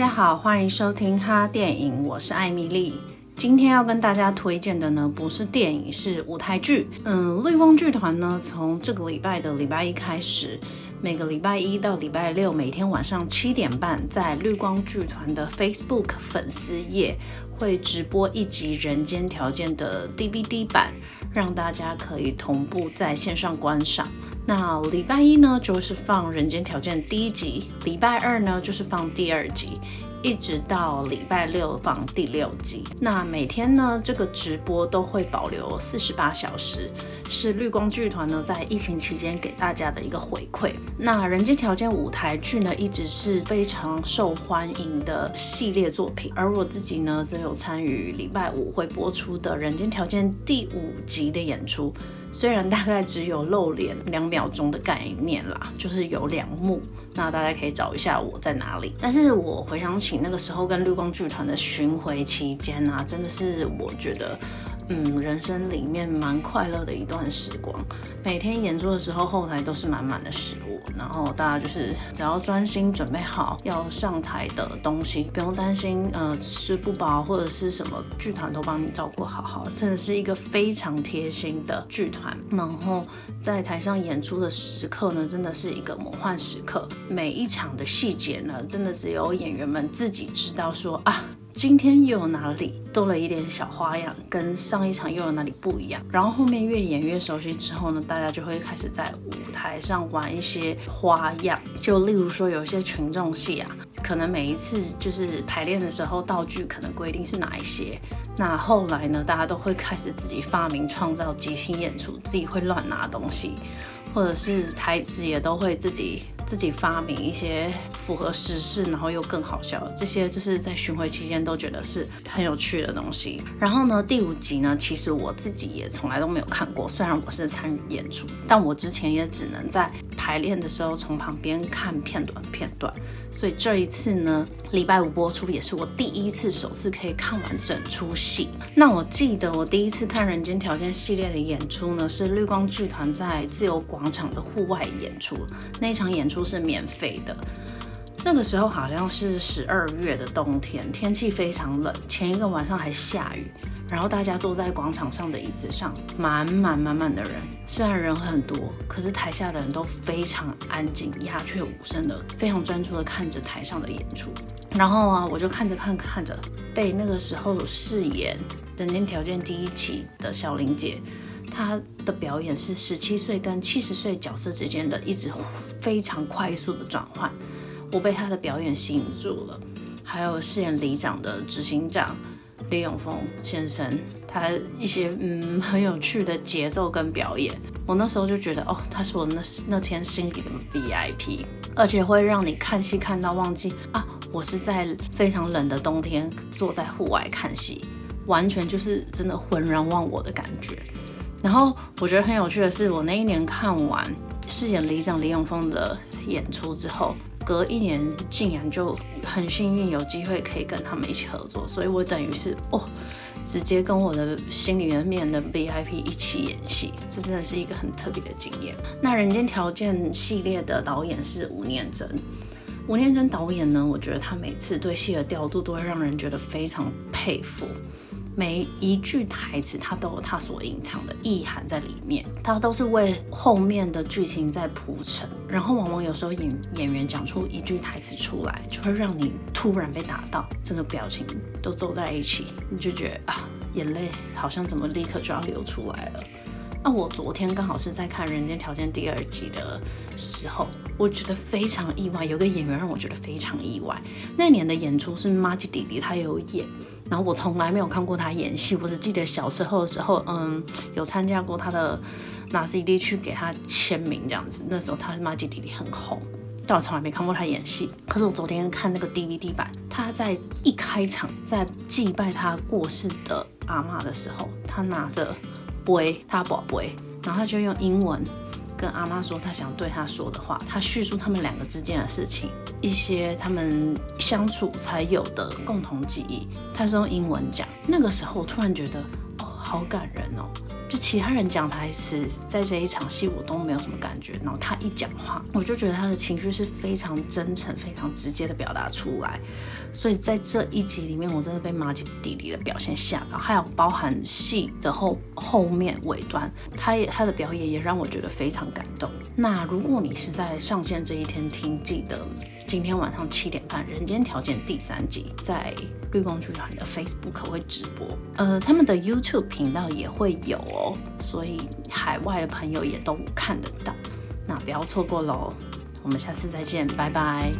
大家好，歡迎收聽哈電影，我是艾蜜莉。今天要跟大家推薦的呢，不是電影，是舞台劇。嗯，綠光劇團呢，從這個禮拜的禮拜一開始，每個禮拜一到禮拜六，每天晚上七點半，在綠光劇團的 Facebook 粉絲頁會直播一集《人間條件》的 DVD 版，讓大家可以同步在線上觀賞。那禮拜一呢，就是放《人間條件》第一集；禮拜二呢，就是放第二集，一直到禮拜六放第六集。那每天呢，這個直播都會保留四十八小時，是綠光劇團呢，在疫情期間給大家的一個回饋。那《人間條件》舞台劇呢，一直是非常受歡迎的系列作品，而我自己呢，則有參與禮拜五會播出的《人間條件》第五集的演出。雖然大概只有露臉兩秒鐘的概念啦，就是有兩幕，那大家可以找一下我在哪裡。但是我回想起那個時候跟綠光劇團的巡迴期間啊，真的是我覺得。嗯，人生裡面蠻快樂的一段時光。每天演出的時候，後台都是滿滿的食物，然後大家就是只要專心準備好要上台的東西，不用擔心呃吃不飽或者是什麼，劇團都幫你照顧好，好，真的是一個非常貼心的劇團。然後在台上演出的時刻呢，真的是一個魔幻時刻，每一場的細節呢，真的只有演員們自己知道說，說啊。今天又有哪裡多了一點小花樣，跟上一場又有哪裡不一樣？然後後面越演越熟悉之後呢，大家就會開始在舞台上玩一些花樣。就例如說，有一些群眾戲啊，可能每一次就是排練的時候，道具可能規定是哪一些，那後來呢，大家都會開始自己發明創造即興演出，自己會亂拿東西，或者是台詞也都會自己。自己發明一些符合時事，然後又更好笑，這些就是在巡迴期間都覺得是很有趣的東西。然後呢，第五集呢，其實我自己也從來都沒有看過，雖然我是參與演出，但我之前也只能在排練的時候從旁邊看片段片段。所以這一次呢，禮拜五播出也是我第一次首次可以看完整出戲。那我記得我第一次看《人間條件》系列的演出呢，是綠光劇團在自由廣場的戶外演出那一場演出。都是免費的。那個時候好像是十二月的冬天，天氣非常冷，前一個晚上還下雨，然後大家坐在廣場上的椅子上，滿滿滿滿的人。雖然人很多，可是台下的人都非常安靜，鴉雀無聲的，非常專注的看着台上的演出。然後啊，我就看着看看着，被那個時候飾演《人間條件》第一期的小林姐。他的表演是十七歲跟七十歲角色之間的一直非常快速的轉換，我被他的表演吸引住了。還有飾演里長的執行長李永豐先生，他一些嗯很有趣的節奏跟表演，我那時候就覺得哦，他是我那那天心裡的 VIP，而且會讓你看戲看到忘記啊，我是在非常冷的冬天坐在戶外看戲，完全就是真的渾然忘我的感覺。然後我覺得很有趣的是，我那一年看完飾演里長李永豐的演出之後，隔一年竟然就很幸運有機會可以跟他們一起合作，所以我等於是哦，直接跟我的心裡面面的 VIP 一起演戲，這真的是一個很特別的經驗。那《人間條件》系列的導演是吳念真，吳念真導演呢，我覺得他每次對戲的調度都會讓人覺得非常佩服。每一句台詞，它都有它所隱藏的意涵在裡面，它都是為後面的劇情在鋪陳。然後，往往有時候演演員講出一句台詞出來，就會讓你突然被打到，整個表情都皺在一起，你就覺得啊，眼淚好像怎麼立刻就要流出來了。那、啊、我昨天剛好是在看《人間條件》第二集的時候，我覺得非常意外，有一個演員讓我覺得非常意外。那年的演出是馬吉弟弟，他也有演，然後我從來沒有看過他演戲，我只記得小時候的時候，嗯，有參加過他的拿 CD 去給他簽名這樣子。那時候他是馬吉弟弟很紅，但我從來沒看過他演戲。可是我昨天看那個 DVD 版，他在一開場在祭拜他過世的阿嬤的時候，他拿着。背他，寶寶，然後他就用英文跟阿媽說他想對他說的話，他敘述他們兩個之間的事情，一些他們相處才有的共同記憶，他是用英文講。那個時候我突然覺得，哦，好感人哦。就其他人講台詞，在這一場戲我都沒有什麼感覺，然後他一講話，我就覺得他的情緒是非常真誠、非常直接的表達出來。所以在這一集裡面，我真的被馬吉弟弟的表現嚇到，還有包含戲的後後面尾段，他也他的表演也讓我覺得非常感動。那如果你是在上線這一天聽，記得今天晚上七點半，《人間條件》第三集在綠光劇團的 Facebook 會直播，呃，他們的 YouTube 頻道也會有。所以海外的朋友也都看得到，那不要錯過嘍！我們下次再見，拜拜。